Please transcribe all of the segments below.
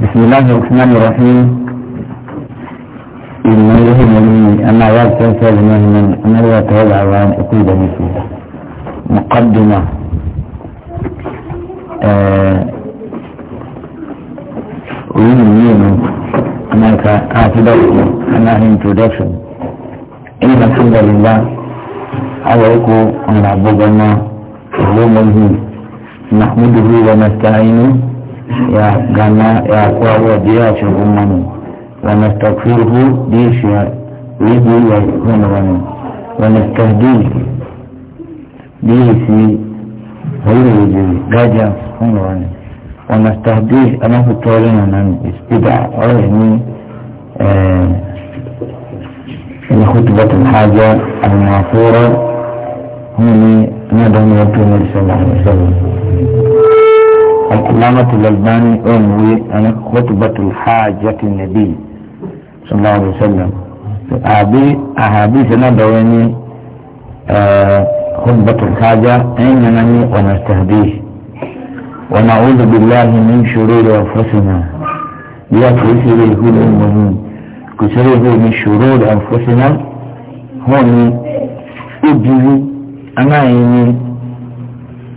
بسم الله الرحمن الرحيم إن يهم مني أما يأتي كلمة مهما أما يأتي وأن أقيد مثله مقدمة ويمين أنا كأعتبرت أنا introduction إن الحمد لله عليكم أن عبدنا علومه نحمده ونستعينه يا غنا يا قوة ديا شغمان ونستغفره ديشا ويجي يكون ونستهديه ديسي هو يجي غاجا هون ونستهديه أنا في طولنا أنا استدعى أرهني في خطبة الحاجة المعصورة هم ندعو رسول الله صلى الله عليه وسلم الإمامة الألباني أنوي أن خطبة الحاجة النبي صلى الله عليه وسلم أبي أحاديث ندويني آه خطبة الحاجة أين نمي ونستهديه ونعوذ بالله من شرور أنفسنا يا كسر الهول المهم كسره من شرور أنفسنا هون أجري أنا إني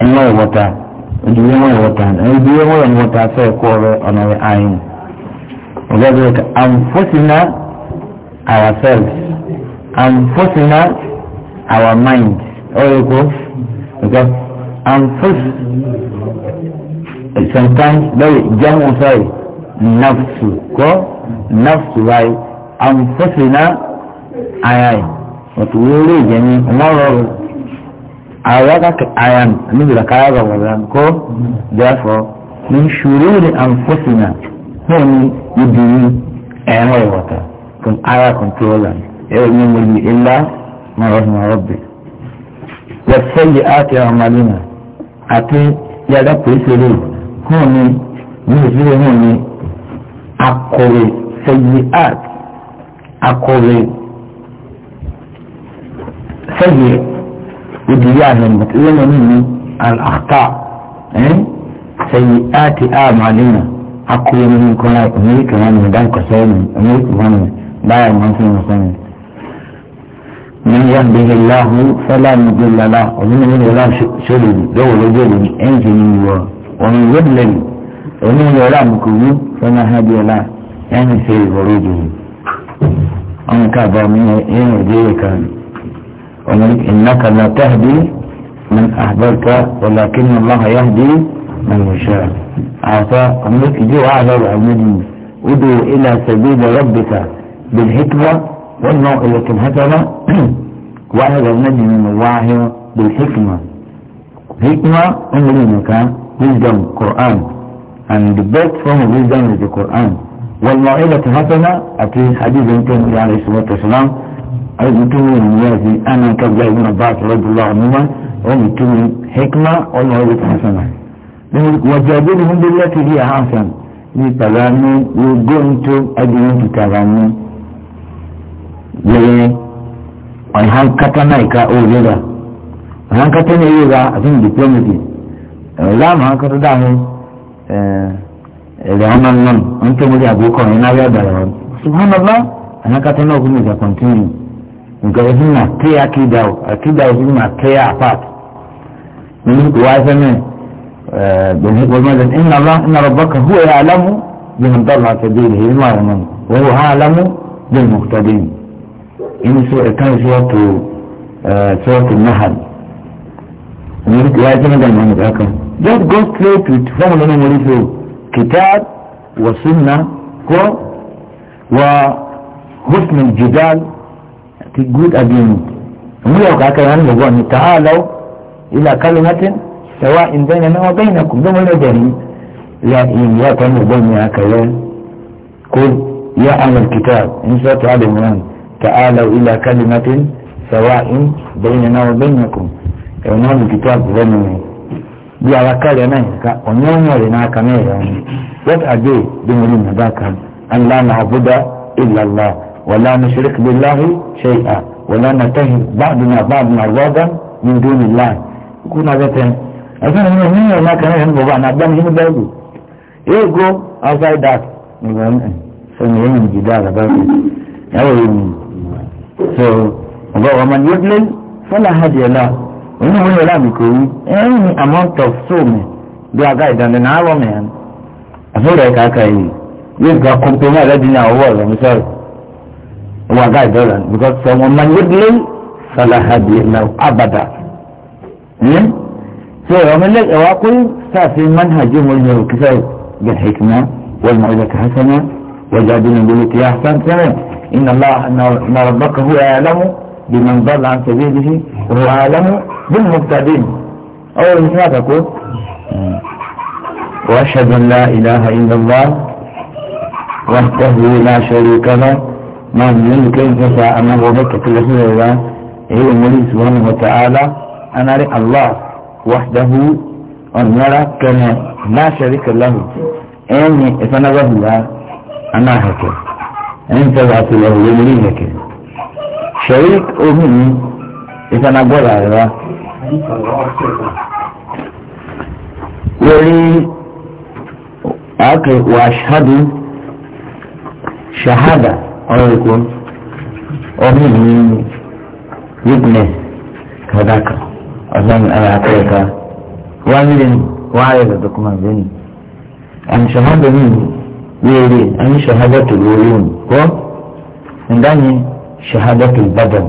أنا وطا ndiye moyo wotana ndiye moyo mwotafe kore onawe ayin ogazeka anfusina ourselves anfusina our mind oyoko because anfus sometimes very jamu sai nafsu ko nafsu bai anfusina ayayi watu wele jami umaro awaga ka ayan ni da kaya ga wannan ko therefore min shururi anfusina hon yidini ayan wai wata kun aya controller eh ni mulki illa ma rahma rabbi wa sayyiati a'malina ati ya da ku sele hon ni ni sele hon ni akore sayyiat akore sayyiat ودي يعلم بتقولنا مني الأخطاء سيئات أعمالنا أقوى من كنا أمريكا من مدان كسين أمريكا من بايع منصر مسلم من يهده الله فلا مضل له ومن من ولا شرد دول جل إنجني ومن يضلل ومن ولا مكروه فما هادي له يعني في خروجه أنك بامي إيه ديكان إنك لا تهدي من أهدرك ولكن الله يهدي من يشاء عطاء أمرك جو أعلى العلمين ادعو إلى سبيل ربك بالحكمة والموئلة الحسنة وعلى النبي من الله بالحكمة حكمة أمري مكان wisdom القرآن. and the فهم form القرآن wisdom is the Quran والموئلة الحسنة أتي حديث يمكن عليه الصلاة والسلام أي متوم النيازي أنا كبلا ابن عباس رضي الله عنهما أو متوم حكمة أو موعظة حسنة وجادلهم بالتي هي أحسن ni palami we going to adini kitabani yeye waihankata naika olela waihankata neyega atin diplomacy lam hankata dahi elehanan non ontomuli abuko inavya dalawan subhanallah anankata nokumiza continue nǹkan ẹ̀sìn náà clear akídà o akídà o sì máa clear apart nínú ìwà ẹsẹ̀ náà bẹ̀rẹ̀ ìgbọ̀lmọ́dún iná rọ̀bọ́kà hú ẹ̀ alámú bí mo dọ́là àtẹ̀dé rẹ̀ ìlú àwọn ọmọ wọn wò há alámú bí mo kúta dé mi. inú sọ ẹ̀ka ìṣòwòtò ṣòwòtò nahal nínú ìwà ẹsẹ̀ náà dàgbà nípa kan just go straight with fọ́ọ̀mù lọ́nà wọlé fún kitab wa sunna ko wa husn al-jidal ti good agreement mu yau ka kai hannu gwani ta halau ila kalimatin sawa in bayna na wa bayna kum da mun jari ya in ya ta mu gwani haka ya ko ya amal kitab in sa ta da mun ta'alau ila kalimatin sawa'in bainana wa bainakum ẹ̀wọ̀n náà kìtàbù lẹ́nu rẹ̀ bí ara kárẹ̀ náà nìkan ọ̀nà rẹ̀ náà kan náà rẹ̀ wọ́n àgbẹ̀ bí nàbà kan aláàmà ولا نشرك بالله شيئا ولا نتهم بعضنا بعضنا الوضع من دون الله يكون هذا أصلا من هنا ولا كان يهم بابا نبدأ من هنا بابا يجو outside that سنين من جدال بابا أو so ومن يضلل فلا هادي له وإنه هنا لا بكوي any amount of soul bí aga ìdánilẹ̀ náà wọ́n mẹ́rin àfihàn ẹ̀ka ẹ̀ka yìí yóò gba kọ́mpẹ́nì alẹ́ dín ní هو guide doesn't because ومن يضلل فلا هادي له أبدا so ومن لك أواقل منهج منهجهم الكتاب بالحكمة والموعظة الحسنة وجادلهم بالتي أحسن تمام إن الله إن ربك هو أعلم بمن ضل عن سبيله وهو أعلم بالمبتدين أول ما تقول وأشهد أن لا إله إلا الله وحده لا شريك له ما من كيف شاء أن أبو بكر كل شيء إلى النبي سبحانه وتعالى أن أرى الله وحده أن يرى كان لا شريك له أني فأنا الله أنا هكذا أنت ذات له يملي هكذا شريك أمين إذا نقول هذا ولي أكل وأشهد شهادة ọ̀rọ̀ èkó ọdún ìlú weakness kàdákà ọ̀sán ara àpẹẹ̀ká wọ́n ní wáyé lọ́dọ̀ kọ́mà lónìí àmì ṣọ̀hádọ̀ mi wéèrè àmì ṣọ̀hádọ̀ tó lórí òun kọ́ ǹdáni ṣọ̀hádọ̀ tó bàdàn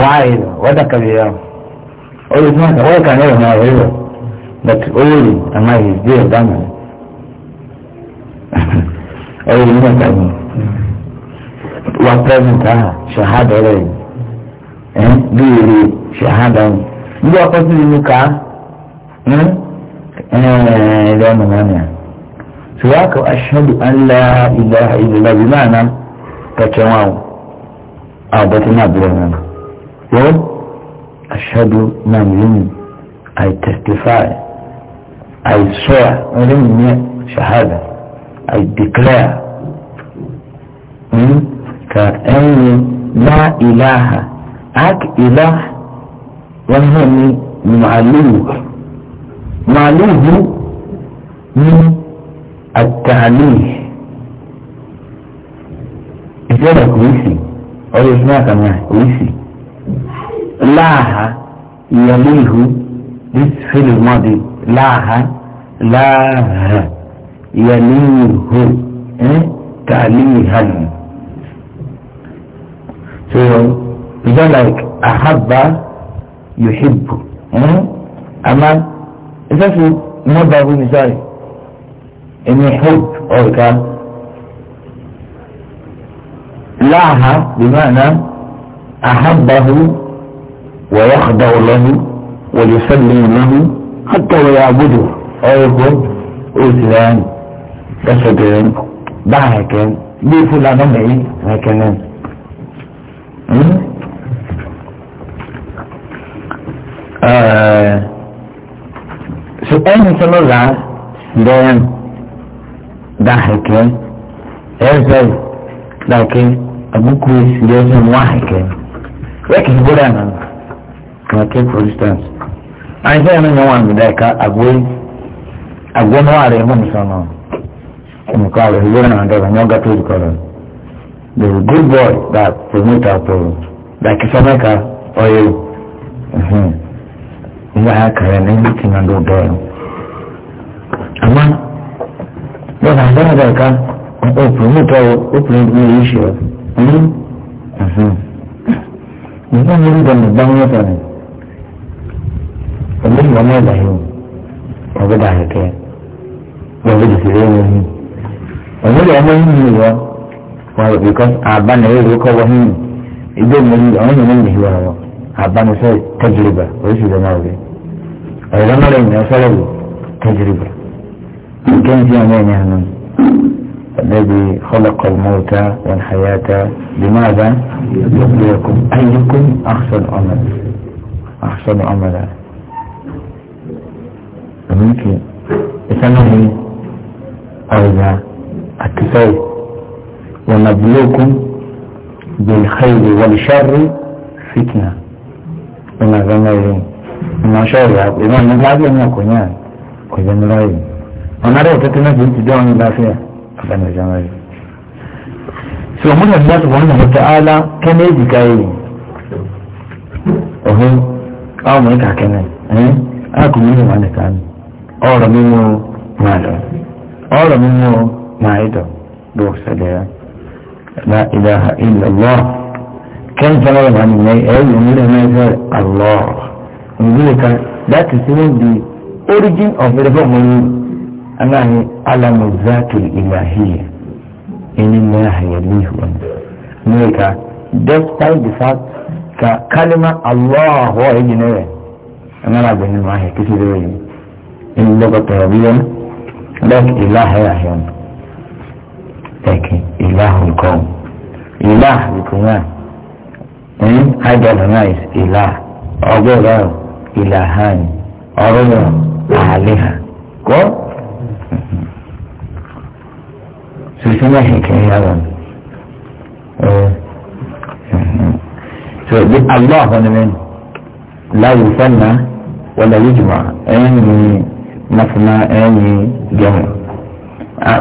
wáyé lọ wọ́dà kàbíyà ọ̀rọ̀ ìfún àkàwé kan lọ́rọ̀ náà rẹ̀ lọ but ó lórí àmà ìgbé ọ̀dà mọ́. ẹ̀rọ yìí náà kàní wà pẹ́ẹ́mìtà ṣàhádà ah, rẹ̀ ẹ̀ bí èrè ṣàhádà rẹ̀ bí ọkọ̀ sí inú ká ẹ̀ẹ́dẹ́ ọmọ náà nìyà ṣùgbọ́n kò aṣọ́dù ńlá ìlà ìlà bí máa ná kẹ̀kẹ́ àbẹ̀tẹ̀ náà bí wọn o aṣọ́dù náà nìyẹn I testify I swear ní ṣàhádà rẹ̀. I declare hmm? ka ẹni la ilaha ak ilah wọn náà ní màálùú màálùú ní àtàlù ìṣẹ̀lẹ̀ kò sí ọ̀rọ̀ ìṣúná àkàmà kò sí láàhà ìyàlú ìhù this film mọ́di láàhà يليه إيه؟ تعليها so is that like أحب يحب إيه؟ أما إذا في مضى مثال إن يحب أوكا لعها بمعنى أحبه ويخضع له ويسلم له حتى ويعبده أو يقول أسلام kẹsẹ̀dẹ̀rẹ̀ bá ẹ̀kẹ́ bí fúlànà mẹ́yìn ẹ̀kẹ́ náà. Hmm? so ẹni sọlọ rà dẹ́n dá ẹ̀kẹ́ ẹ̀fẹ́ dàkẹ́ àbúkú ìdẹ́sẹ̀ wá ẹ̀kẹ́ ẹ̀kẹ́ gbọ́dọ̀ náà kàkẹ́ for instance àìsàn ẹ̀mí ni wọ́n àmì dá ẹ̀ka àgbo àgbo náà rẹ̀ hùn sọ̀nà from college, you know, and there's a younger to college. There's a good boy that promote our program. Like Isameka or you. Uh-huh. Mm-hmm. You are carrying everything and do there. Ama, then I don't know that oh, promote our open the issue. Mm-hmm. Mm-hmm. Uh-huh. You don't need Ọmọ ìgbà mọ́ ìgbà yìí, ọgbẹ́dà àyẹ̀kẹ́, ọgbẹ́dà ìṣẹ̀lẹ̀ ìwọ̀n yìí. ọ̀hún lè ọmọ yìí nìyí wọ wọn rò bíkọ́ àbáni ẹ̀rọ ìwé kọ́ wọ́n yìí ìdó mi rí ọ̀hún yìí nìyí wọ wọn àbáni sọ tẹ́jìrìbà oríṣi ìdáná rẹ̀ ọ̀rẹ́dá náà lẹ́yìn ọ̀sọ́rọ̀ rẹ̀ tẹ́jìrìbà kéńtì ọmọ ẹ̀yìn àná الذي خلق الموت والحياة لماذا يبليكم أيكم أحسن عمل أحسن عملا ممكن إسمه أو ذا الكفاية ونبلوكم بالخير والشر فتنة وما زمان إما غمرين إما شر إما نبلاد يكون يعني كذا ملايين أنا رأيت تتنسى أنت دعوني لا فيها أبنى جمالي سوى الله سبحانه وتعالى كم يجي كاين أهو أو ما يكا كمان إيه؟ أكو منه معنى كان أورا منه معنى أو منه معيدة روح سلام لا إله إلا الله كان جواب عن الماء أي يقول ما يزال الله يقول لك لا تسمون دي origin of the reform أنا هي علم الذات الإلهية إن الله يليه أنت despite the fact ka kalima Allah huwa yiji nawe أنا لا بين الماء كثير يجي إن لغة ربيا لك إله يحيان pẹ̀kì ìlàhùn kan ìlàhùn kan náà ní hydrolyze ìlà ọgbẹ́rọ ìlàhàn ọ̀rọ̀ àléhà kọ́ sísè náà ṣe kiri yàrá so bí allah ọ̀hún mi láyé sẹ́nà wọlé yíjùmọ̀ ẹ̀yìn ní mọ́fúnná ẹ̀yìn jẹun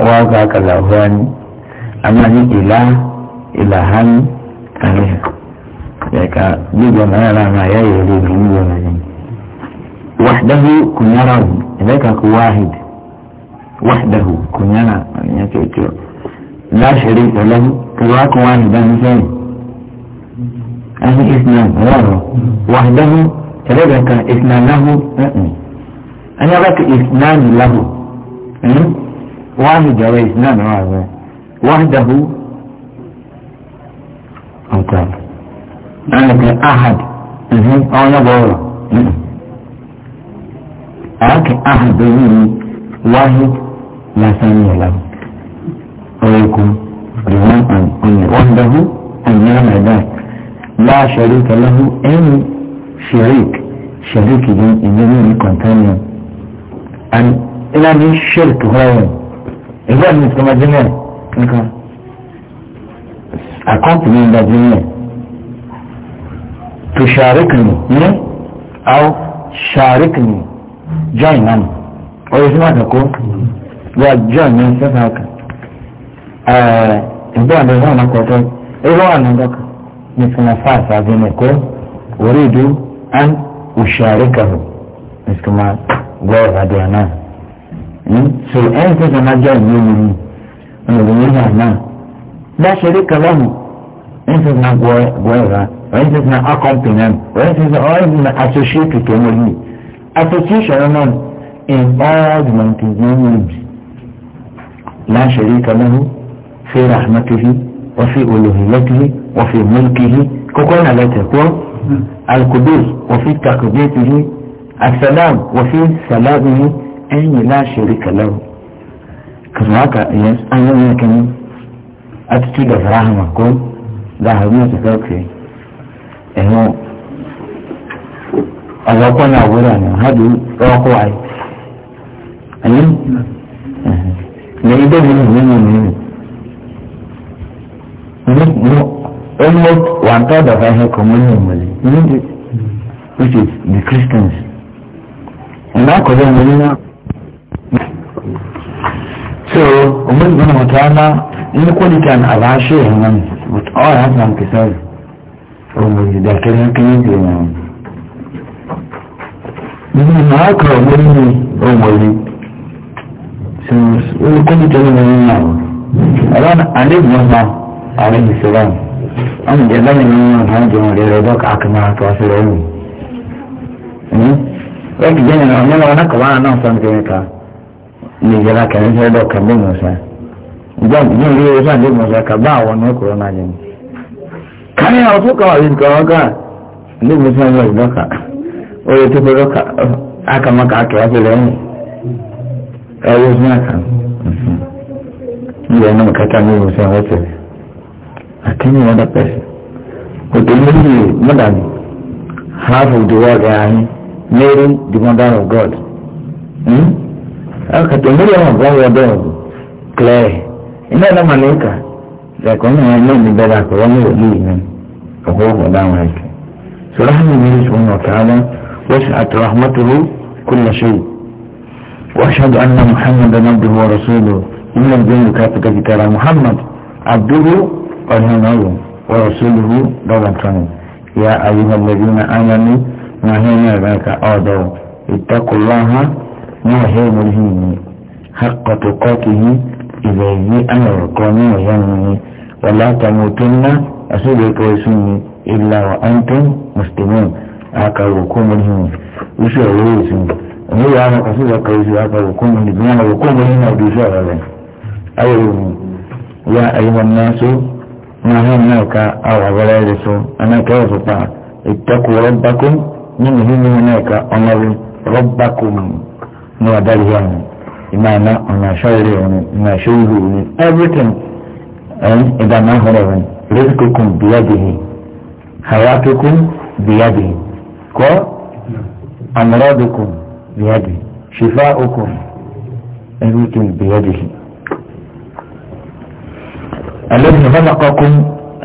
wọ́n gbà kàlà wọ́n amma ila ilahan kare ya ka gbogbo mara rama ya yi ri bi yi wani wahdahu kunyara idan ka ku wahid wahdahu kunyara ya ce ce la sharika lahu ka ba ku wahidan sai an yi isnan waro wahdahu tare da ka isnan lahu an yi baka isnan lahu wahid da wa isnan waro وحده أو كان أنا أحد أو بورا أك أحد بيني واحد لا ثاني له أو يكون أن وحده أن يعمل ذلك لا شريك له أي شريك شريك دي يكون ثاني أن إلى الشرك هو إذا مستمدنا nǹkan àkọ́ǹtì ní ìdájọ́ yẹn tó ṣàríkìnì ní àwọn ṣàríkìnì join náà ọ̀rọ̀ sí máa kàkó wà join ní sẹ́fà kan ẹ̀ẹ́dẹ́gbẹ́ àdéhùn náà náà kọ̀ọ̀tọ́ ẹ̀rọ àná dọ́kà ní sinafáà sábẹ́ nìkó orí ìdú án òṣàríkàwò ní sikuma gbọ́ ọ̀rọ̀ àdéhùn náà hmm? so ẹ̀ẹ́dẹ́gbẹ́ náà join ní ìlú yìí ọmọbìnrin náà náà láṣẹrí kàlámù ẹ̀ńtẹ̀sì náà gbọ́ ẹ̀rá ẹ̀ńtẹ̀sì náà akọ́mpìnẹ́m ẹ̀ńtẹ̀sì ọ̀ẹ́dì náà asosiéètì tẹ̀mọ́ yìí association náà in all the montezuma's láṣẹrí kàlámù fi rahmatihi wọ́fi olùhìyẹ́tìhi wọ́fi mọ́lìkìhi kókó náà lẹ́tẹ̀ kó alkudus wọ́fi takubẹ́tìhi asalam wọ́fi salamihi ẹ̀yìn láṣẹrí kàlámù kamar haka idan an yi maka ne attitude of rahama ko za a rumu ta kauke ehu a zakon na gura ne hadu tsawon kowai ayin na ido ne ne ne ne ne almost one third of our communion was which is the Christians and that could have been so umar ibn mutana in kwani kan abashi nan but all has some kisar umar da kiran kan yi nan ni ma ka umar ni umar ni oh, so in kwani kan nan nan ran alif masa alaihi salam an da zan yi nan han jin da da ka kuma to sai rai ne ne wani jin nan wannan wannan ka ba nan san ka lè yẹra kẹrin fẹ́ lọ kẹlẹ́ mọ̀ọ́sá ìjọ ìjọ ìlú yẹn sáà lè mọ̀ọ́sá kàbá àwọn ọ̀nà kúrọ̀ náà yẹn. kárí àwọn tó kà wà lè kọ̀ ọ́gá lè mọ̀ọ́sá lọ aka oyè tó fẹ́ lọ́kà ákàmọ́kà àkẹ́wà sí lẹ́yìn ẹ̀yẹ sí àkà ìyẹn náà kàtà lè mọ̀ọ́sá wọ́n tẹ̀lé àkẹ́yìn wọn dàpẹ́ òtò méjì mọ́dàbí half of the world ẹ̀ ààyè mary the mother of God. Hmm? wa akatumbulia wa wadogo clay ina na malaika za kuona neno ni bela kwa wale wengine kwa huo damu yake surahi ni subhanahu wa ta'ala wasi'at rahmatuhu kull shay واشهد ان محمدا عبده ورسوله ان الجن كافه wa محمد wa ونبيه ورسوله دولة يا ايها الذين امنوا ما هي ذاك اعدوا اتقوا الله يهيم الهيم حق تقاته إذا يجي أمر قومي ويمني ولا تموتن أسيبك ويسني إلا وأنتم مسلمون aka hukumun hin wuce a wuri su ne ya maka su da kai su aka hukumun hin yana hukumun hin na dusu a rabai ayyuru ya ayi wannan su na hannun ka a wabara da su ana kai su ta ita ku rabbakun ni muhimmin na ka onarin rabbakun ní adarí wa ni ìmọ̀ àná ọ̀nà àṣọ ìrẹ̀ wọn ìmọ̀ àṣọ ìlú wọn everything ìdáná ahọ́rọ̀ wọn rẹ́sìkòkùn bíyàdìhì hàwákìkùn bíyàdìhì kọ́ àmọ́rọ́dùkùn bíyàdìhì ṣìfà òkùn everything bíyàdìhì. الذي خلقكم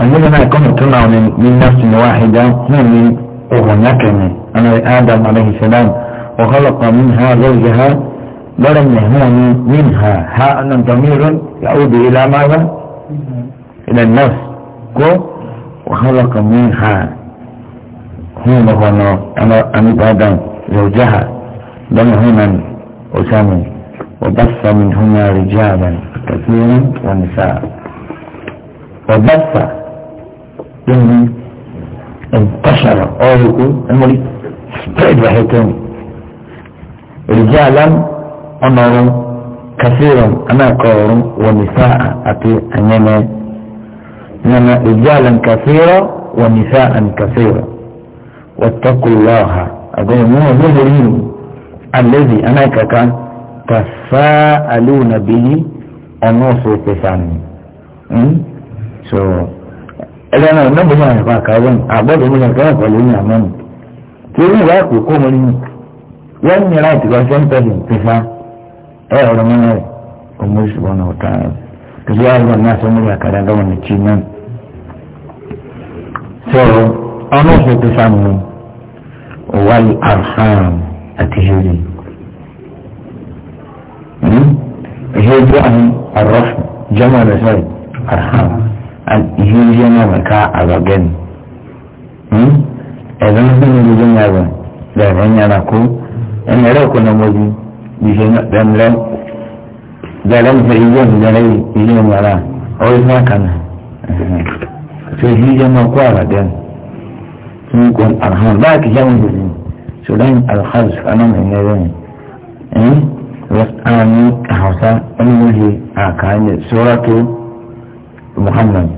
أننا يكون طلع من, من نفس واحدة من هناك أنا آدم عليه السلام وخلق منها زوجها ولم يهون منها ها أن ضمير يعود إلى ماذا إلى النفس كو وخلق منها هو مغنى أنا زوجها لم هنا أسامي وبث منهما رجالا كثيرا ونساء وبث يعني انتشر أو المريض سبعد spread رجالا أمر كثيرا أنا قور ونساء أتي أنينا إنما رجالا كثيرا ونساء كثيرا واتقوا الله أقول مو مهرين الذي أنا كان تساءلون به أنوص تساني so ẹlẹ́ náà nọ́bù náà yàgbá kàwọn àbọ̀dọ̀ mi náà kàwọn pẹ̀lú ní àmọ́ mi tí ó ní ìwà àpò kó mọ́ nínú wọ́n ní hmm? right consumption pẹ̀fà ẹ̀ ọ̀rọ̀ mọ́nà rẹ̀ ọmọ ìṣubú ọ̀nà ọ̀tá rẹ̀ tòbí àwọn ọ̀nà sọmọlẹ̀ àkàrà lọ́wọ́ ní chi náà. so ọ̀nà ọ̀sẹ̀ pẹ̀fà mu wàlú arham àti hìrì ìhìrì àwọn ọ̀rọ̀ jẹ́mọ̀ rẹ̀ sọ̀rọ̀ arham ìhìrì yẹn náà wẹ̀ ká àgbàgẹ́ni ẹ̀rọ ń gbé أنا لو كنا موجي بيجينا دم لم دلم في يوم دلي يوم ولا أو ما كان فهي ما قارا دم يكون أرهان باك يوم دلي سلام الخلف أنا من يوم وأنا حوصا أمه أكان سورة محمد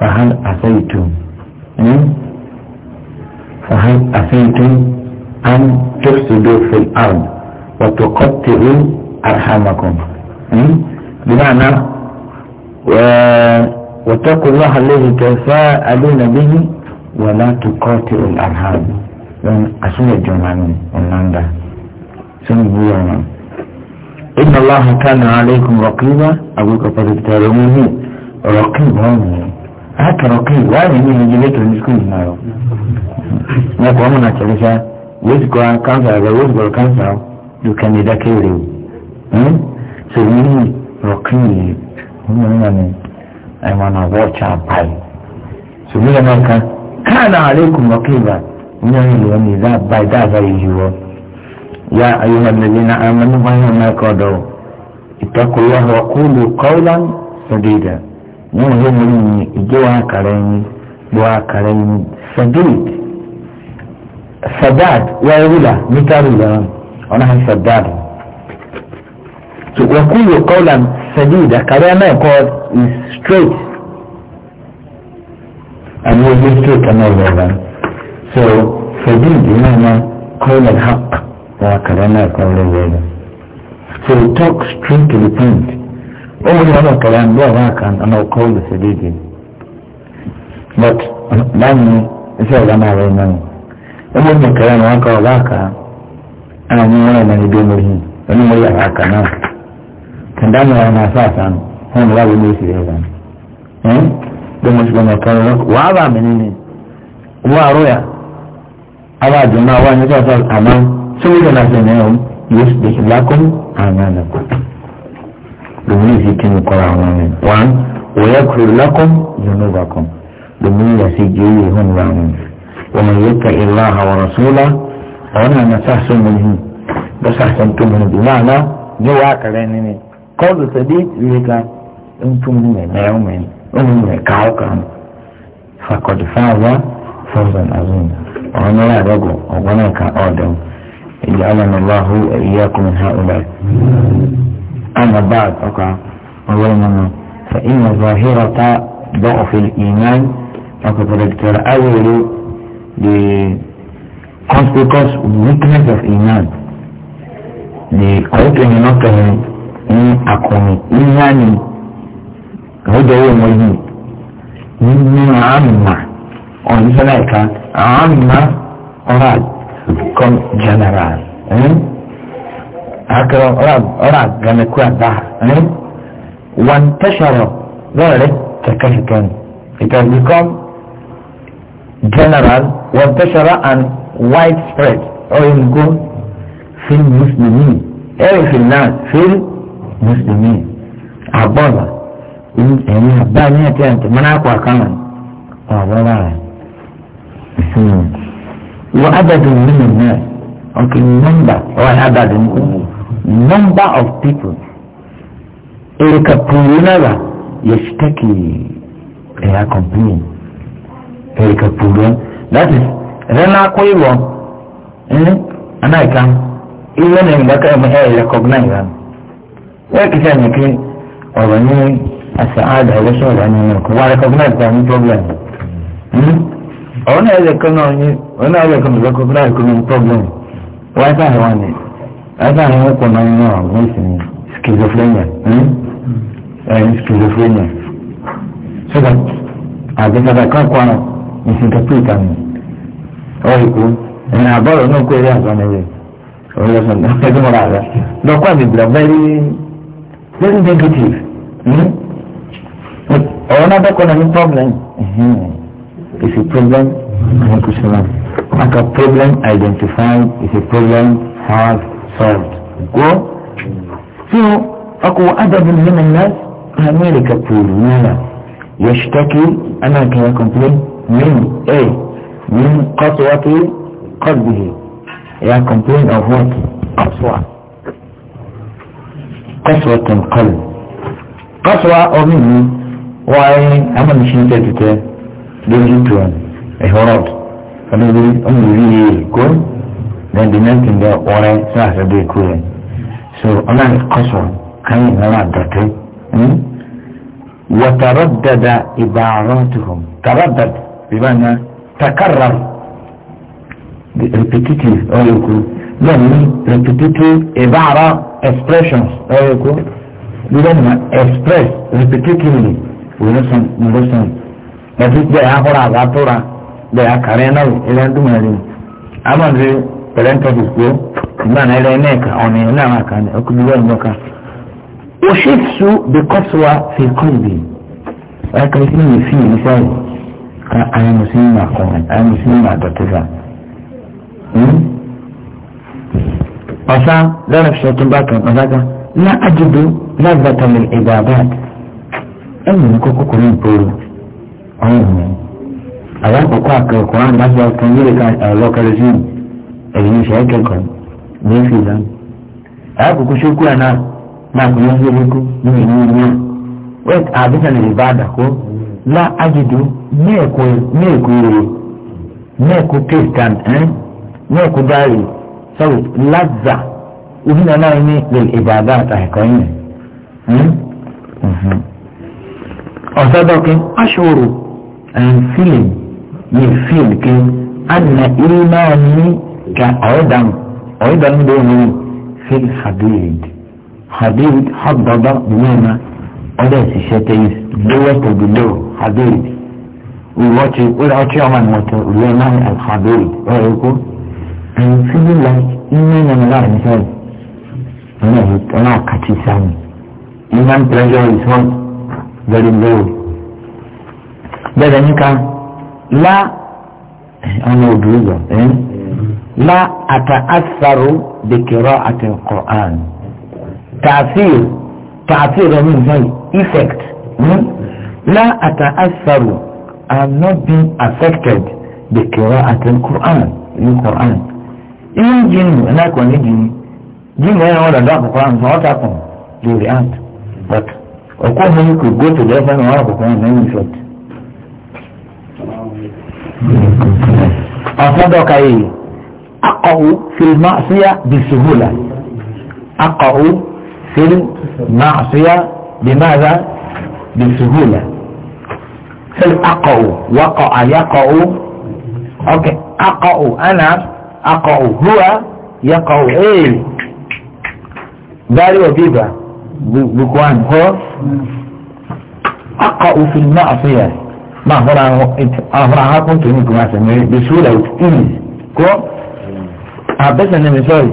فهل أتيتم فهل أتيتم أن تفسدوا في الأرض وتقطعوا أرحامكم بمعنى و... واتقوا الله الذي تساءلون به ولا تقاتلوا الأرحام لأن أسنى الجمعان ونندا سنبونا إن الله كان عليكم رقيبا أبوك فتبتالونه رقيب هم hata rokii wale mimi nijilete nisikuzi nayo na kuamuna chelesha yóò ti kọ́ra kánsà rẹ̀ yóò ti kọ́ra kánsà ló kẹ́ni dákẹ́ rẹ̀ o sèmi rọ̀kìn yìí wọ́n mú nínú ẹ̀wọ̀n náà wọ́ọ̀ kya báyìí sèmi yẹn máa kan káàdà àlékún rọ̀kìn bá wọ́n yẹn lè wọ́n ní ìdá báyìí dáàbá yìí wọ́ yá ayé wọn lè ní amánú wọn yẹn máa kọ́ dọ̀ ìtọ́kùnrin wọn kú lù kọ́ọ́lá sọ̀dẹ̀dà wọ́n yẹn mú ní ìjẹ́wọ́ àkàrà yín gbọ́ àkàrà sadad wáyéwìlà mítàrú lọ́rùn ọ̀nà hàn sadad. so wọ́kúlù kọ́lá sadida kàrí àná ẹ̀kọ́ is straight and wọ́n gbé straight kan náà lọ́wọ́ so sadid iná iná kọ́lá hàk wọ́n kàrí àná ẹ̀kọ́ lọ́wọ́ so talk straight to the point ó wọ́n yọ̀ ọ́ náà kàrí àná ẹ̀kọ́ lọ́wọ́ kọ́lá but báyìí iṣẹ́ ìlànà rẹ̀ náà ẹgbẹ́ mi kẹrẹ ni wọ́n kọ́ ọba àká ẹ̀rọ mi wọ́n ẹ̀nà ìdó mi yìí ẹni mo yà àká náà kẹ̀ndá mi ọ̀nà àfáàfá nù wọ́n mi wáwo ní ìsìlẹ̀ ẹ̀dá mi ẹ̀ bí mo ti gbọ́n ọ̀kọ́ rẹ wàá bà mí nínú wọ́n àrò yà àwọn àjọ náà wà nígbà tó àmọ́ sóbìtì náà sì ní ẹ̀ yóò sì dèkì lákùn àmì àná lòmí ìsì kí ni kọ́ra àwọn mi wọ́n òye kúrò lákùn yóò ní ìbàkùn lòmí ìyàsí jẹ́ ìyè hàn wà mí. ومن يطع الله ورسوله فانا نسحسن منه بسحسنتم من بمعنى جوا كلامي قول سديد لك انتم من يوم انتم من كاوكا فقد فاز فوزا عظيما وانا لا رجل وانا كاودم اجعلنا الله واياكم من هؤلاء اما بعد اقع اولنا فان ظاهره ضعف الايمان وكذلك ترى اول the consequence weakness of iman the awakening not coming ní akọni ìyáni àwùjọwọ́ ọmọ yìí nínú àmà ọ̀hún sọ́lá ìka àmà ọ̀rà kọ́m general akọrọ ọ̀rà gàmẹ́kú àdá wọn tẹ̀sọ̀rọ̀ lọ́rẹ̀ kẹ̀kẹ́ kẹ̀kẹ́ it has become general وانتشر and widespread أو يقول في المسلمين أي في الناس في المسلمين عبارة يعني عبارة هي أنت من أقوى كمان عبارة وعدد من الناس okay number or عدد number of people إلك بولنا يشتكي يا complain ẹ̀ka pùrọ̀ that is ẹ̀rẹ́ náà kọ́ ìwọ̀ eh? anáìka ilé ní ìdáka ẹ̀mọ ẹ̀ eh, recognize am wẹ́ẹ̀ kìí sẹ́yìn kí ọ̀rọ̀ ní àṣà àdá ẹ̀rọ sọ̀rọ̀ ní ẹ̀kọ́ wà recognize am ní problem hmm? ọ̀rọ̀ náà ẹ̀rẹ́ kan náà ní ọ̀rọ̀ náà ẹ̀rẹ́ kan náà recognize am ní problem wáyé sáà wà ní wáyé sáà ní wọ́n pọ̀ náà ní ọ̀rọ̀ ní ìsìn schizophrenia ẹ̀ hmm? eh, schizophrenia so that àgbẹ̀sàbà kan kọ́ àwọn misinterpreta mi ọ̀hìn kú ẹ̀nà àbọ̀rọ̀ náà kó eré àgbọ̀n ẹ̀yẹ ọ̀lọ́sọ̀n ẹ̀dùn mọ́ra rẹ̀ lọ́kọ́ àmì ìgbà very very negative ọ̀rọ̀ náà dọ́kọ̀ náà ní problem hmm. is a problem and kusuma like a problem identified is a problem hard solved go so أقوى أدب من الناس هنالك بولينا يشتكي أنا كنا complain من أي من قسوة قلبه يا complain of what قسوة قسوة القلب قسوة او مني وعي اما مش نتاجته دول جتوان اهورات فانا دول امي بيه كون لان دي نانتين ده وراي ساحة بيه سو انا قسوة كان نرى الدكتور وتردد عباراتهم تردد bimana takarrar repetitive ọyọkọ lẹ́nu repetitive ibara expressions ọyọkọ lẹ́nu express repetitively wòlọ́sàn wòlọ́sàn ẹ̀fí bẹ́ẹ̀ ahọ́rọ̀ àbátọ́ra bẹ́ẹ̀ akàrẹ́ náà ẹ̀rẹ́ ndúmọ̀lẹ́ amọ̀nrẹ́ pẹ̀lẹ́ntọ́fù kúrò ìgbàna ẹ̀rẹ́ nẹ́ẹ̀ka ọ̀nà ẹ̀rẹ́ náà kà ní ọkùnrin bẹ́ẹ̀ nìyọ̀ka. òṣèṣù bíkọ́sùwà fi kọ́ ìbí ẹ̀ka ìfún mi fi ìrísẹ́ rẹ̀. ka ayé musulmi ma kọrin ayé musulmi ma dọ̀tífà ọ̀sá lọ́rọ̀ fi ṣẹ́tún bá kan ọ̀sá kan ná àjùbù na ìgbàgbàd ẹ̀yìn ní kókó kò ní ìgboro ọ̀hún mi àwọn àkókò àkẹ́kọ̀ọ́ àwọn àgbàṣe ọ̀kan yìí ká ọ̀rọ̀ kẹrẹsìn ẹ̀yìn ní ṣẹ́ kẹ́kọ̀ọ́ ní fi lọ. àwọn àkókò ṣókú àná náà kò ní la ajidu meeku meeku yiri meeku kristan ɛn eh? meeku daari sabu lazza ubina naa ni lil ibada ta hekɔn yi ɔsadɔke ashuru and feeling ye feel ke anna imani ka ɔydan ɔydan do ni fil hadid hadid hadada bimana ɔdɛ sisɛ teyi lowest of the low Khabib what you what you man what Sulaiman al Khabib or you go and feel like iman and Allah himself no he cannot catch his son iman pressure is not very low but then you can la أنا أدريجا لا أتأثر بقراءة القرآن تعثير تعثير من هي effect eh? لا أتأثر I'm not being affected بقراءة القرآن القرآن إيه جن أنا كون جن جن أنا ولا لا القرآن ما تعرفون you react but of course you could go to the FM or القرآن ما ينفعك أصدق أي أقع في المعصية بسهولة أقع في المعصية بماذا؟ بسهولة هل أقع وقع يقع أوكي أقع أنا أقع هو يقع إيه داري وبيبا بكوان هو أقع في المعصية ما هو أهرها كنت منكم أسمي بسهولة إيه كو أبسا نمسوي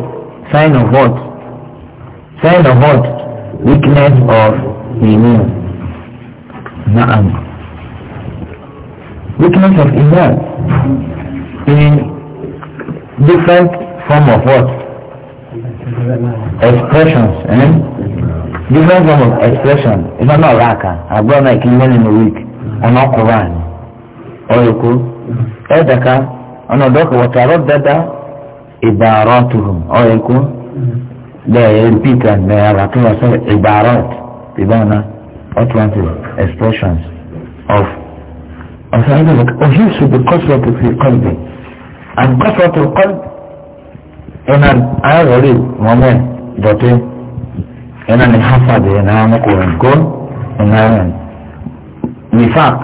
sign of what sign of what weakness of immune نعم weakness of iman in different form of what expressions eh? different form of expression ìfẹ́ náà ráàkà àgbọ̀ náà kì í mẹ́rin ní week a ọkùnrin ọ̀yọ̀kọ ẹ̀ẹ́dẹ̀ka ọ̀nà ọ̀dọ́kọ̀ wọ̀tàrọ̀ dada ìbàárọ̀ tuurù ọ̀yọ̀kọ bẹ́ẹ̀ repeat and bẹ́ẹ̀ ara kí wọ́n sọ ìbàárọ̀ ìbáná utterances expressions of أسألك أحس بالقسوة في قلبي عن قسوة القلب أنا أنا غريب وما دوتين أنا من حسد أنا مكون أنا أنا نفاق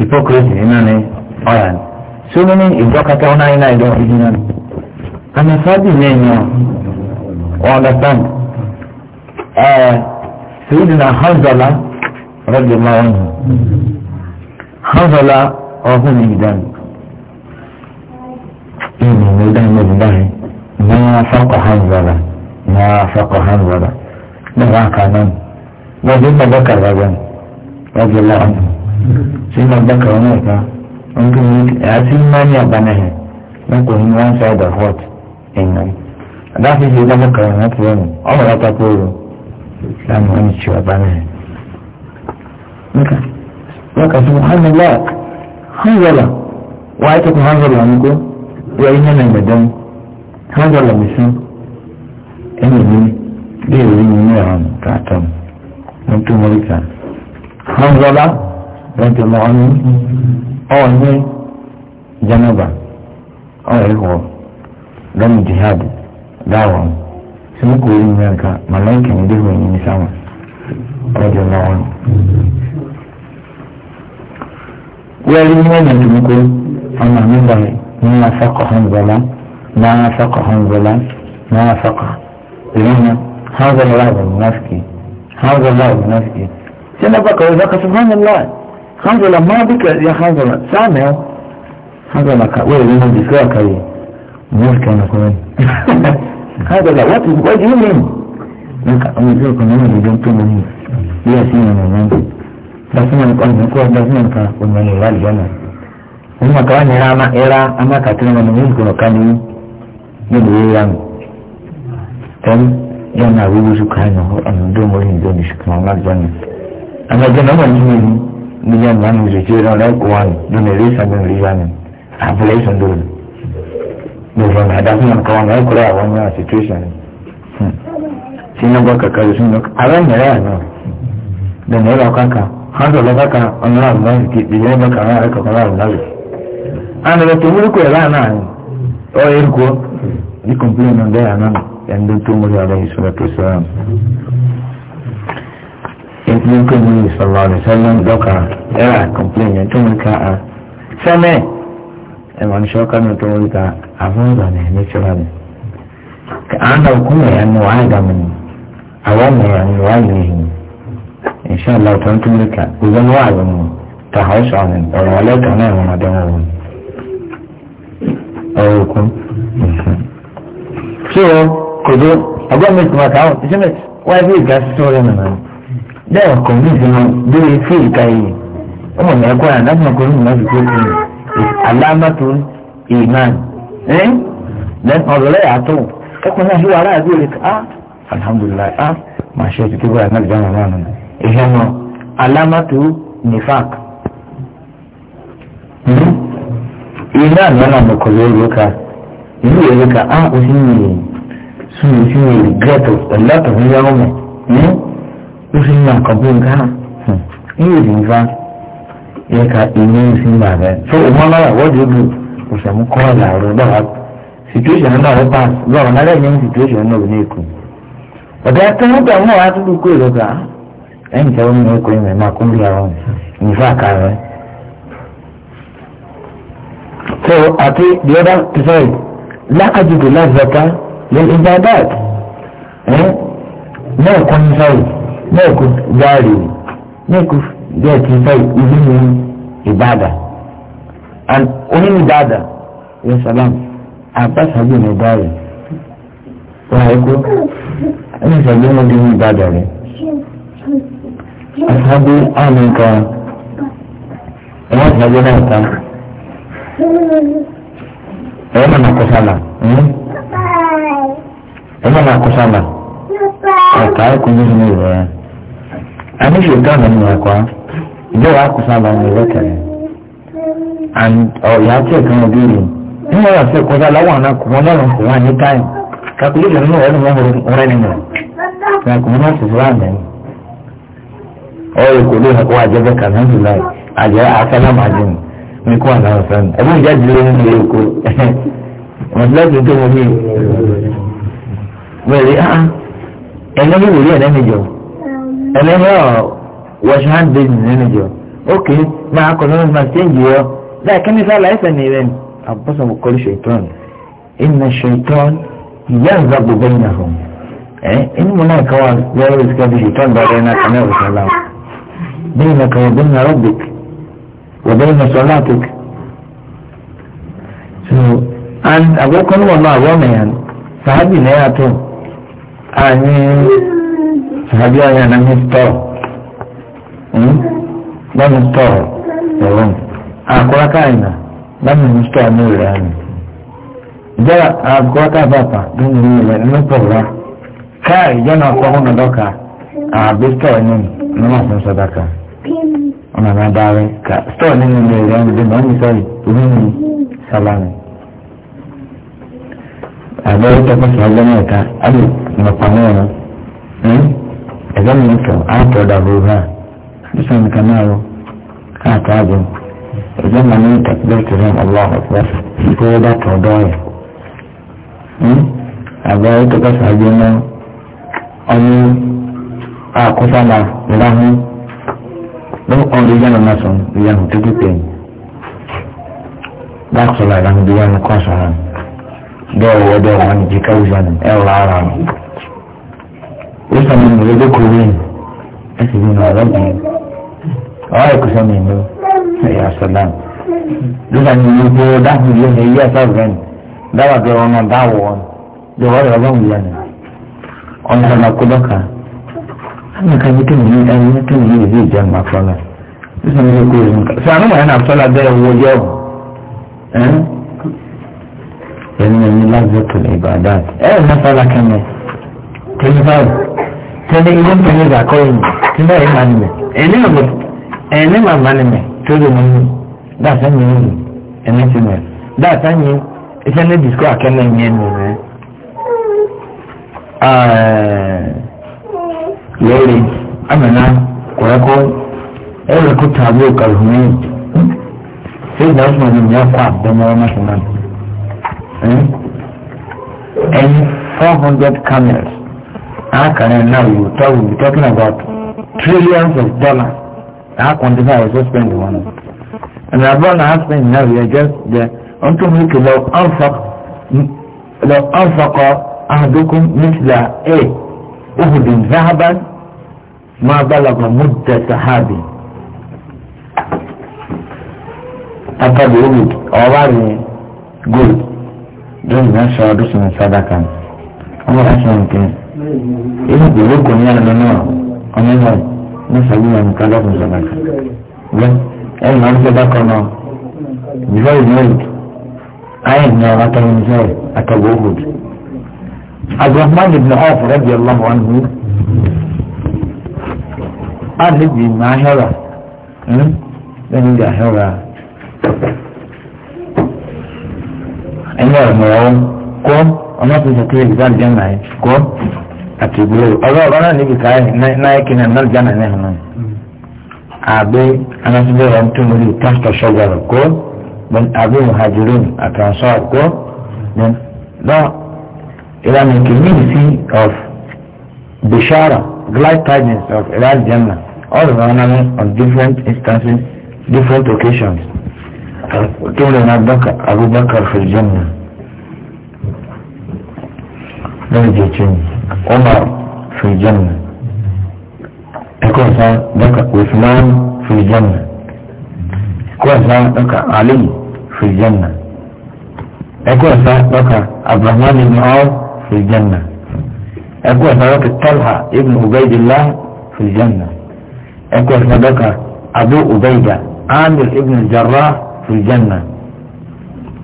hypocrisy أنا أنا أنا إذا أنا هنا إذا أنا أنا فادي أنا أنا سيدنا أنا رضي الله عنه hanzala ọ̀hún ní ìdáni ìní ní ìdáni ní ìdáni máa fakọ̀ hanzala máa fakọ̀ hanzala lọ́wọ́ àkànnà wọ́n bí bàbá kàrà gan wọ́n bí lọ́wọ́ sí bàbá kàrà náà ká wọ́n bí ní àti mání àbáná yẹn kò ní one side of what ẹ̀yìn adáfi ṣe bàbá kàrà náà ti wọ́n ọmọ rẹ̀ tako o láàmú wọn ní ṣe àbáná yẹn maka subhanallah hanzala wa ake ku hanzala ni ko ya yi nan da dan hanzala musin ene ne da yi ne ne ran ta tan mun to mulka hanzala dan to mu'min aw ne janaba aw ne ko dan jihad dawon sun koyi ne ka malaikan da ne sama radiyallahu anhu wẹ́rí ní ọ̀nà ìdúgbò ọmọ mi bọ̀ yìí ní afẹ́kọ̀ hàn zọlá ní afẹ́kọ̀ hàn zọlá ní afẹ́kọ̀ ìrìnà hàn zọlá láàbù mọ́sìkì hàn zọlá láàbù mọ́sìkì tí wọ́n bá kọ̀wé zaka subhana allah hàn zọlá máa bí kẹ̀ ya hàn zọlá sáàmì ọ́ hàn zọlá ká wẹ́rẹ́ ní ọdún ìṣẹ́ àkàyè mọ́sìkì ọ̀nà kọ́rin hàn zọlá what is what do you mean? nǹkan ọmọ ìṣẹ́ ọ̀kan náà lè dán dasuman kwanin ko dasuman ka kunna ne wal jana mun maka wani rama era amma ka tuna mun yin ko kani ne ne yan tan yana wuyu su kan ho an do mun don shi kan wal jana amma jana mun ne ni yan nan mu je jira na ko wani don ne risa mun ri yan abulation do ne ban da dasuman ka wani ko ra situation shi nan ba ka kare ya no da ne ba kanka hanzo la baka onara nazi ki biye baka na ko onara nazi ana da tumuri ko la na o irko ni complain on da ana en do tumuri alayhi salatu wassalam en ni ko ni sallallahu alaihi wasallam doka era complain en tumuri ka a same e man shoka no inshallah tó ń tún lè kà ìwé wà lóhùn tàhà ó sọ̀rọ̀ ọ̀rọ̀ ọlẹ́kàn náà wọn ọdẹ wọn wọn. ọ̀rọ̀ òkun. tí o kò dé ọgbọ́n mi tìmọ̀ káwọn iṣẹ́ mi wáyé bí ìgbà sísọ rẹ̀ nà náà. bẹ́ẹ̀ kò ní ìsinmi bí o fi ìka yìí ó mọ̀ ní ẹ̀kọ́ yà láti mọ̀ kó ní ìmọ̀ ìgbé fún mi alámàtó ìmán lẹ́sìn ọ̀rọ̀ yàtọ̀ ẹ̀kọ́ náà ṣé wàhálà àbí òrìkà alhamdulilayi ah màá ṣe ètùtù báyìí náà lè dáhùn ọ̀rọ̀ àná ìhẹ́nà alámàtú nifak iná àná mọ̀kọ̀ lórí ká ìlú yẹn ká á ó sì ní sùn sí ní rìgẹ́tò ọ̀làtọ̀ ní yàrá mọ̀ hmm? ó sì ní àkàbọ̀ nǹkan ìyè nìfa yẹ ká ìní sí bàbá ẹ̀ tó o mọ́ lára wọ́ọ̀dù ìlú òṣèlú kọ́ ọ̀là situation náà ó pass lọ́wọ́ náà lẹ́yìn situation náà ò ní èkó ọ̀dà tó ń gbà wọ́n wá kó ìlú ẹni tẹ́wọ́ mi kò yẹn máa kún bí àwọn nífà kàrẹ́. so àti the other sorry lákàtúntò láti zọta lè ìgbà dáàt náà kún sọ́yì náà kún gáàrí náà kún gẹ́ẹ̀tì sọ́yì ìlú ní ìbàdà and onímì dáadáa yẹ sàlám àbáṣàbí ní dáàrí wọn àìkú ẹni sàgbé wọn dín ní ìbàdà rẹ. asabu aminka ẹ̀wọ́n ti ẹgbẹ́ náà ta hmm? ẹ̀wọ́n náà kó sálà ẹ̀wọ́n náà kó sálà ọ̀tá ẹ̀kọ́ ní ìlú rẹ̀ aníṣe gánà ní ẹ̀kọ́ ìjọba kó sálà ní ìrẹ́kẹ̀rẹ̀ ọ̀yà tí ẹ̀kan ọdún yìí nínú ọ̀rọ̀ sí ẹ̀kọ́ sálà wọn náà kò wọ́n náà kò wọ́n ní táyì kàkúlẹ̀ ìjọba náà wọ́n ní wọ́n rẹ̀ nínú ẹ̀kọ́ náà sì fúlàmì ọ̀rọ̀ kò lè hàkọ́ àjẹbẹ́ kàná jùlá àjẹ àfẹnámàjìn ní kó àná ọ̀sán ẹ̀bí ìjà jùlọ nínú ilé oko mọ̀tíláṣí tó mo ní wẹ̀rẹ̀ á ah, ẹ̀nà ní wòlíì ẹ̀nà níjọ ẹ̀nà ní ọ̀ wọ́ṣọ́ hàndé nínú níjọ ok máa kọ̀ nínú máa ṣe ń jù ọ́ láì kí ní sálà ẹ̀sẹ̀ ní rẹ̀ àbọ̀sọ̀ kò kọ́lé ṣètọ́n ìnà ṣètọ́n ìyá ìgbà gbogbo ìyàwó ẹ̀ inú mọ̀ náà kọ́ wa lọ́wọ́ ìsìkẹ́ bí ṣètọ́n bá rẹ̀ náà kọ́ náà wò sálà ọ̀. بينك وبين ربك وبين صلاتك so and agokan wọn náà wọ́n mẹ́yàn sàábì náà tó àní sàábì ọ̀yàn náà ní stọ̀ lọ́nà stọ̀ ẹ̀rọ àkọ́ráká àyìnà lọ́nà ní stọ̀ ní ìrẹ̀ àmì ìjọ àkọ́ráká bàbà lọ́nà ní ìrẹ̀ ní pọ̀ wá káà ìjọ náà fọ́nà lọ́kà àbí stọ̀ ní ìrẹ̀ ní wọn fún sọdáka wọn àná dáre ká stọọ nínú ilé rẹ ń gbé wọn ní sọrí omi ní sálámì. àbẹ̀rẹ̀ tó fún sọ̀rọ̀ lẹ́nu ẹ̀ka àbí mọ̀pá mẹ́rin ẹ̀gbẹ́ mi tọ̀ àtọ̀ dàbò rà bísọ̀ nìkan náà lọ káàtó àjọ ẹ̀gbẹ́ mi ní tẹ̀gbẹ́ tẹ̀lé ọlọ́ọ̀ ọ̀pọ̀ kó bá tọ̀ dọ́ọ̀yà àbẹ̀rẹ̀ tó fún sọ̀rọ̀ lẹ́nu ọ a kusa na ilahu don ọrụ ya na nasan ilahu tupu pe dákùsọ̀lá ìlànà bí wọn kọ́ sọ̀rọ̀ bẹ́ẹ̀ wọ́n bẹ́ẹ̀ wọ́n jí káwùsàn ẹ̀ wọ́n ara wọn. ó sọ mi nù lójú kò wí ẹ sì nù ọ̀rọ̀ jù ọ̀ ẹ̀ kò sọ mi nù ẹ̀yà sọ̀lá. lóṣà ní gbogbo dáhùn ilé ní ilé ẹ̀sọ́ rẹ̀ dáwà bẹ́ẹ̀ wọn náà dáwọ̀ wọn bẹ́ẹ̀ wọ́n rẹ̀ ọlọ́run yẹn ọ̀nà ọ̀nà kó dọ́kà ana ka mutum ne an mutum ne zai jan mafana sun zai koyi maka sanu ma yana fara da yawo yau eh yana ni lazzatul ibadat eh na fara kan ne tani ba tani idan tani da koyi tani da imani ne eh, eh ne ma eh ne ma mani ne to da mun da san ne eh ne ne da san ne ita ne disko akan ne ne eh, ah, eh lere amana kurako ẹrẹ kó tààbù kàlùmí ṣéyìn náà fún ọdún yẹn kó àbẹmọrọ mọtò náà ẹni four hundred camels àkàrẹ náà we were talking we were talking about trillions of dollars that quantify was just spend one and abọ́ náà spend now we just there ọ̀ntún mi kì lọ ọ̀nfọ̀kọ̀ àdókùn mítìlá ẹ̀ òhùdì záhábà. ما بلغ مدة سحابي أقد يقول أواني قول دون نشر رسم صدقا أمر أسلم كيف إيه بيقول يا لنا أمينا نسأل يا مكلف صدقا لا أي ما صدقا ما بفايد ملك أين ما أتى من زي أتى وهود عبد الرحمن بن عوف رضي الله عنه adịghị m ahịọra ẹni hmm? dị ahịọra ẹni ọmọrọ kọ ọmọ tó sọ kéwì bá jẹ náà kọ àti ìgbòho ọlọ ọlọ náà níbi káyà náà kí náà náà jẹ náà náà náà àgbẹ anásíbẹ ọmọ tó mọ ní pásítọ sọgbàrọ kọ àgbẹ muhajirun àtànsọ kọ náà ìlànà kìíní sí of bishara glad tidings of ìlànà jẹ all of on different instances, different occasions. Abu Bakr fil Jannah. Let me Omar fil Jannah. Ekwa sa Uthman fil Jannah. Ekwa sa Ali fil Jannah. Ekwa sa baka ibn Aw fil Jannah. Ekwa sa Talha ibn Ubaidillah fil Jannah. إحنا ندك أبو أبيدة عامر ابن الجراح في الجنة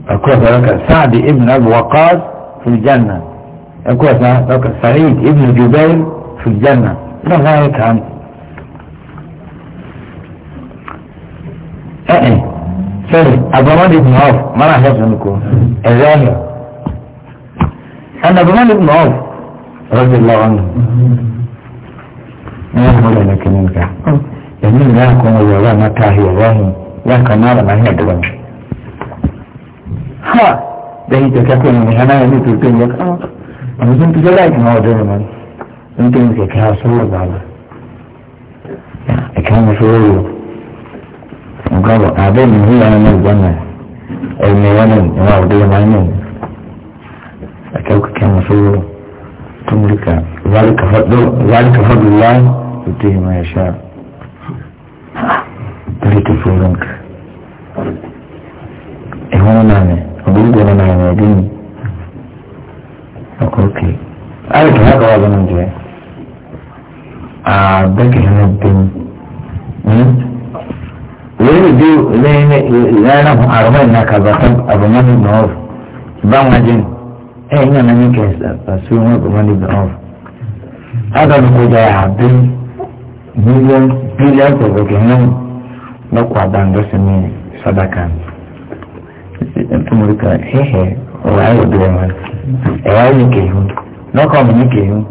أكوث لك سعد ابن أبو وقاص في الجنة أكوث لك سعيد ابن جبير في الجنة لا ذلك عن أه أبو مالك بن عوف ما راح يسلمكم الظاهر أن أبو مالك بن عوف رضي الله عنه na mola na kininka yanyin ya kuma yawa mata yawahin ya kamara na hiyar daban ha da ita ta kuma mai hana yanzu tutun ya kawo a mutum tuta za ki mawa dole man sun tun ke kawo sauwa ba ba a kama sauwa gaba abin da hiyar na mai wannan ai mai wannan yawa dole man ne a kyau ka kama sauwa tun duka zalika fadlu zalika fadlu يؤتيه ما يشاء تريد فورنك ايه وانا نعمة وبيد وانا نعمة دين اوكي اعرف هذا هذا من جاي اعدك هنا الدين ليه دي ليه انا ارمي انك بخب ارمي بن عوف بان جن ايه انا نميك اسأل بس هو ارمي بن عوف هذا نقول يا عبدين millions billions of hehe, lọ́kọ̀ àbáńdọ́sẹ̀mí sọ́dáka ntúmọ̀ríkà hẹ́hẹ́ ọ̀rọ̀ ayọ̀dúrà wọn ẹ̀wá yìí kẹ̀hún lọ́kọ̀ ọ̀mọ̀ On kẹ̀hún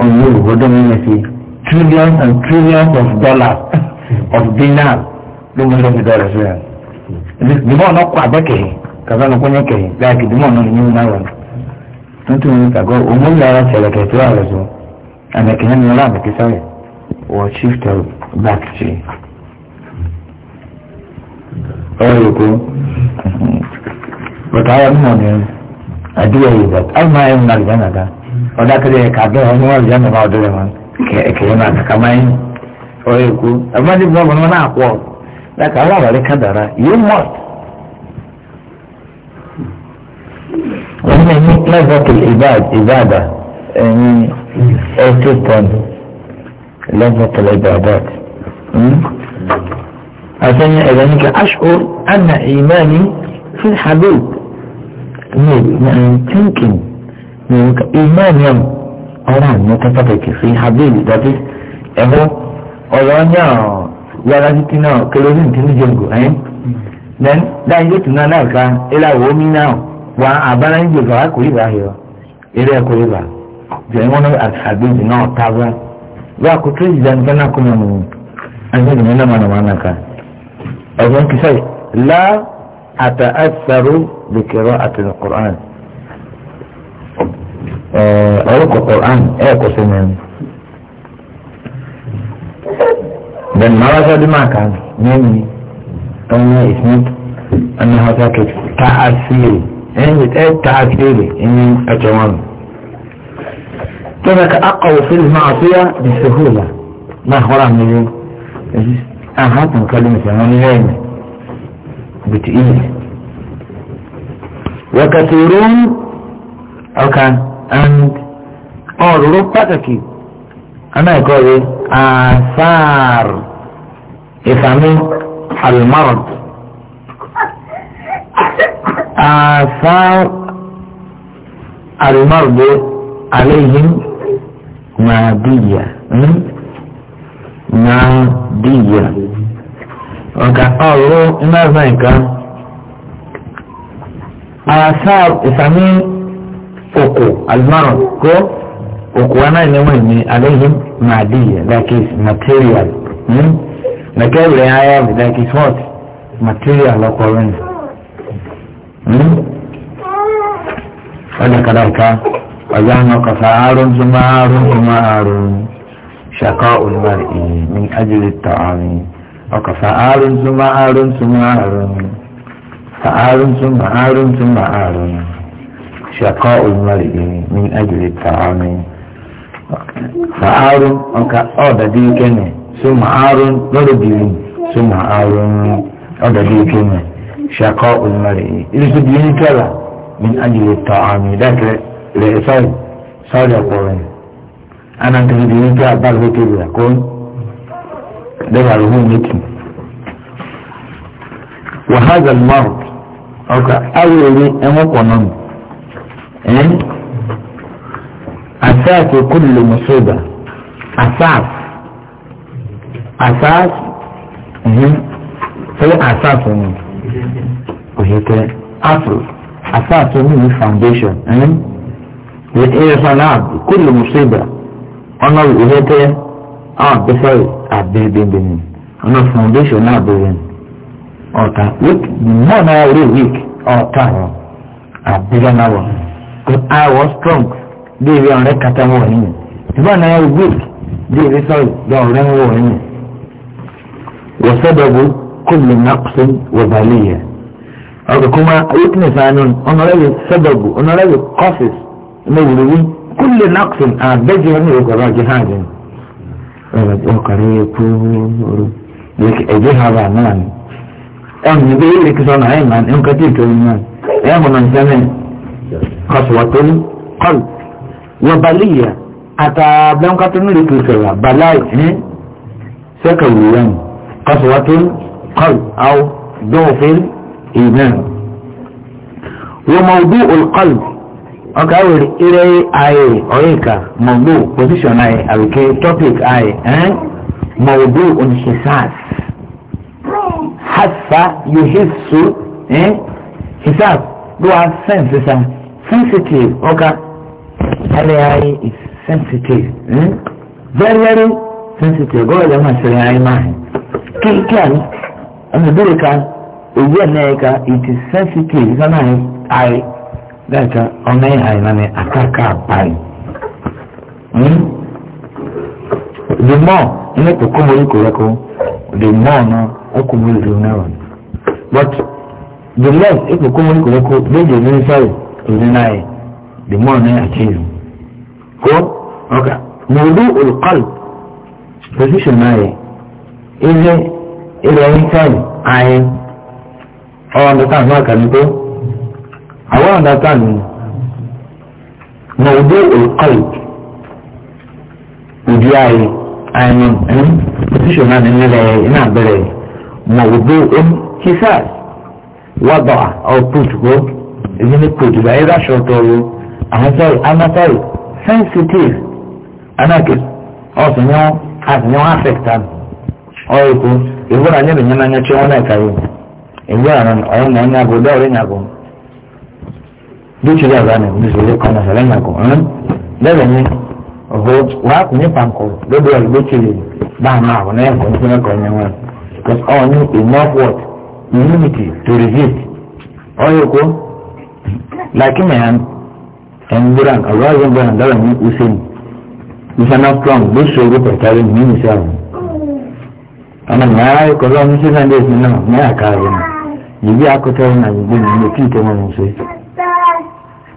ọ̀yọ́ ìwọ́dọ̀ mímọ̀ sí trillions and trillions of dollars of dinar ló mú lọ́sí dọ́là sí ẹ̀ dìbò ọ̀nà kọ àbẹ́kẹ̀hẹ́ kàfẹ́nu kúnyẹ́ kẹ̀hẹ́ láàkì dìbò ọ̀nà ní yíwú náà wọn ntúmọ̀ríkà gọ́ òmùlẹ̀ ara sẹ̀lẹ̀kẹ̀ tó àrẹ̀ sọ àmẹ̀kẹ̀ wọ́n ṣíftà báàkì ọ̀rọ̀ kó bàtà àwọn ọmọ mi àdúrà yìí bàtà àwọn máa ń nàlùjá nàdá ọ̀dà kẹlẹ̀ ẹ̀ka bẹ́ẹ̀ ọmọ nàlùjá nàdá ọ̀dọ́ rẹ̀ wọn kẹ̀kẹ́ náà kàkà máa ń ọ̀rọ̀ kó àbúrò bí wọn náà pọ̀ láti àwọn kàdàrà yìí mọ̀ wọ́n ní lẹ́gbẹ̀ẹ́ ìbáàdà ẹ̀yìn ẹ̀tọ́ لذة العبادات عشان ذلك أشعر أن إيماني في الحبيب يعني thinking إيماني أوران متفقك في حبيب that is أهو أولانا ولدت نا كلوزين تنجنكو أين then that is نالك nana ومينا ila womi now wa abala nje ka kuliba hiyo ile kuliba za ku tun dangana kuma mu an yi nuna mana mana ka abin ki sai la a ta'assaru da kira a tun ƙoran eh, a rika ƙoran ya e kusa ne dan marasa dimaka ne ne ɗan ya ismit an hata ke ta'asiri in in yi كذلك في المعصية بسهولة ما خرام لي مكلمة كلمة هنالين بتقيل وكثيرون أو كان and all روح أنا أقول آثار إثامي المرض آثار المرض عليهم maadiya maadiya hmm? ọ̀gá ọ̀rọ̀ mẹ́fà nǹkan àṣà ìsàmì òkò alimárùn kó òkò anáìníwọ̀n ní aléhìn maadiya like is material nàkẹ́ rẹ̀ ayé like is what material ọkọ̀rin hmm? ọ̀dà kàdáka. وزعمك فعار ثم عار ثم عار شقاء المرء من أجل الطعام وكفعار ثم عار ثم عار فعار ثم عار ثم عار شقاء المرء من أجل الطعام فعار وكأوددي كنه ثم عار ضربي ثم عار أوددي كنه شقاء المرء إذا تبيني كلا من أجل الطعام ذاك rẹ̀ sọ́ọ̀rì sọ́ọ̀rì ọ̀pọ̀ rẹ̀ anantẹ̀lẹ̀ bí wípé abáàlú kébì rẹ̀ kó dẹ́gbà rẹ̀ hún méjì. wàhálà mọ́ọ̀t ọkà awúrò ní ẹ̀wọ̀n pọ̀ náà ẹ̀ asaasi kullu musuba asaas asaas ṣe يتعرف عبد كل مصيبة أنا الإلهة عبد فاي عبد بن بن أنا فاونديشن عبد بن أوتا ويك ما أنا أريد ويك أوتا عبد بن أوا كنت I was strong دي بي أنا كتامو هنا تبا أنا أريد ويك دي بي فاي دي أريد هنا وسبب كل نقص وبالية أو كما ويكنس عنون أنا رأي سبب أنا رأي قصص مولوي كل نقص أبجه أنه يقرأ جهادا وقرأ يكون لك أجيها بعمان أم يبيل لك أم من القلب وبلية بلان بلاي قصوة إيه؟ القلب أو ضعف الإيمان وموضوع القلب ọkà wèrè ire ayé ọ̀yẹ́ka mọ̀gbó position ayé àwòké topic ayé ẹ́n mọ̀gbó oníṣẹ́sáàs hasa yóò hisu ẹ́n hisas ló wá eh? sense sa sensitive ọkà ayé ayé is sensitive ẹ́n eh? very very sensitive gbọ́dọ̀ jẹ́ máa ṣẹlẹ̀ ayé máa kí kí àná ọ̀nà ìbéèrè kan òwú ẹ̀ náà ẹ̀ka it is sensitive sọ́nà ayé dẹ́ka ọ̀nà ìhà iná ni àkàkà àbáyé hmm? the more ní kòkó mo rí kòrẹ́kọ́ the more náà ó kò mo rí rí náà wọn but the less ní kòkó mo rí kòrẹ́kọ́ léde ní sọ́ọ̀ òní náà yẹ the more náà àchíyù kó ọkà mo rí olùkọ́lù position náà yẹ ilé ilẹ̀ ní sọ́ọ̀ ayé ọ̀ ọ́n tó tàn fún àkàlùkọ́. àwọn àdáta ni mọ̀ọ́dé olùkọ́lù ojú ayé àìní ẹ̀m pòtíṣọ̀ náà ní nílẹ̀ iná abẹ́rẹ́ mọ̀ọ́dé ẹ̀m kíṣà wàbà ọ̀pùtù kó èmi ní pòtù báyìí ráṣọ tọrọ àwọn sọrọ anátọrọ sensitive anáàkè ọ̀sìn yẹn àsìn yẹn àfẹ́kítà ọ̀rẹ́kù ìwúrọ̀ anyẹ́rìnyẹ́nà anyẹ́kyẹ́ wọn náà kàwé ìwúrọ̀ àwọn ọ̀rẹ́ náà ẹ̀yìn àgọ́ dọ́ọ̀rẹ́ nyàgọ́. lóṣèlú àbáni lóṣèlú kan náà sọlẹ́ yàn kọ́ lẹ́bẹ̀ ni ọ̀hó wà á ní pàǹkọ̀ lọ́dọ̀ ẹ̀ lóṣèlú bá a máa wọ̀ náà ẹ̀kọ́ nípa ẹ̀kọ́ wọn because all need enough what immunity to resist ọ̀yọ̀ kó làkì mẹ́yàn ẹ̀ǹgbọ́ràn ọ̀rọ̀ ẹ̀ǹgbọ́ràn dára ní usain usain strong ló ṣòro pẹ̀tàrí ní ìṣẹ́ àwọn ọ̀nà mẹ́ra ẹ̀kọ́ lọ́wọ́ ní sísan days nínú mẹ́ra káàrin yìí bí akọ́tẹ́rẹ́ náà gbogbo ní ilé kí ìtẹ́wọ́n ń ṣe.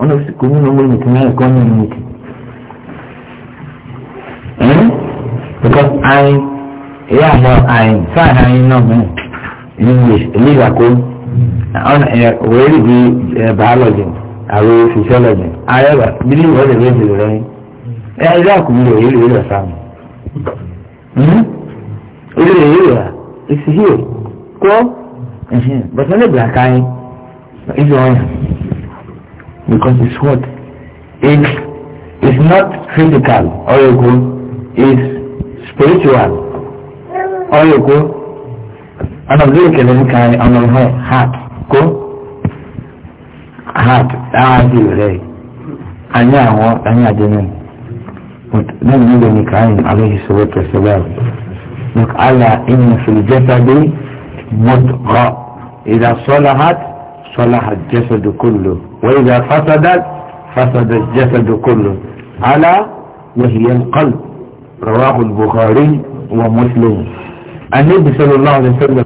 ọ̀nà òsìkò nínú ọmọ ìmìtì náà ẹ̀kọ́ ní ìmìtì. ẹ̀ because ayin ìyá àmọ́ ayin sáà ayin náà mọ̀ ní ilé ìwàkó ọ̀nà ẹ̀ wẹ́rì bí biology àrò physiology ayẹ́wà bílí ìwọ́n lè rí ìlú rẹ̀ ẹ̀ ilé àkùnrin rẹ̀ yìí rẹ̀ sáà mọ̀. ilé hmm? rẹ̀ yìí rẹ̀ ìsìhìí kó bàtà lè bàkà yín ìjọ ọ̀yàn because it's what? It's, it's not physical, Oyoko. It's spiritual, Oyoko. Ọ̀nà ìbílẹ̀ kẹlẹ́ ní kan ọ̀nà ìhọ́ heart kó heart dáadé rẹ̀ anyá àwọn anyá àjẹnú náà ní ìlú nìkan àlóyè sọ̀rọ̀ pẹ̀sẹ̀lẹ̀ lọ́kàlà ìyẹn fìlìjẹ́ta dé mọ́tò rọ̀ ìdásọ́lá heart. صلح الجسد كله وإذا فسدت فسد الجسد كله على وهي القلب رواه البخاري ومسلم النبي صلى الله عليه وسلم